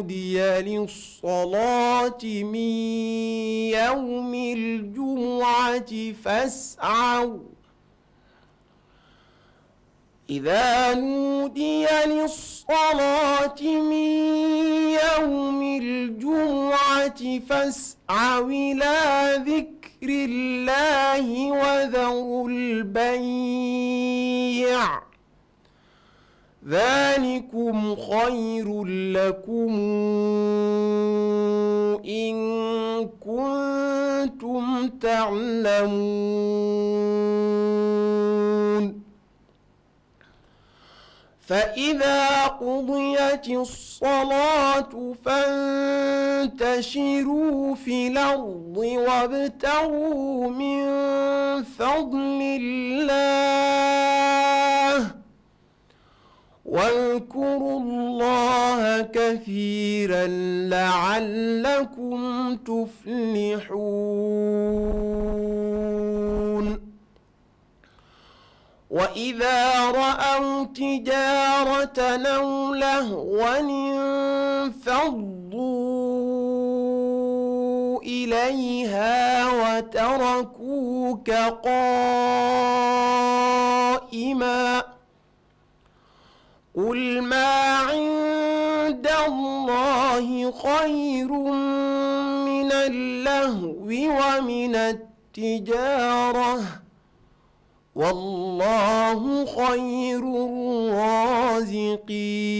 نودي للصلاة من يوم الجمعة فاسعوا إذا نودي للصلاة من يوم الجمعة فاسعوا إلى ذكر الله وذروا البيع ذلكم خير لكم إن كنتم تعلمون فإذا قضيت الصلاة فانتشروا في الأرض وابتغوا من فضل الله واذكروا الله كثيرا لعلكم تفلحون واذا راوا تجاره او لهوا انفضوا اليها وتركوك قائما قل ما عند الله خير من اللهو ومن التجارة والله خير الرازقين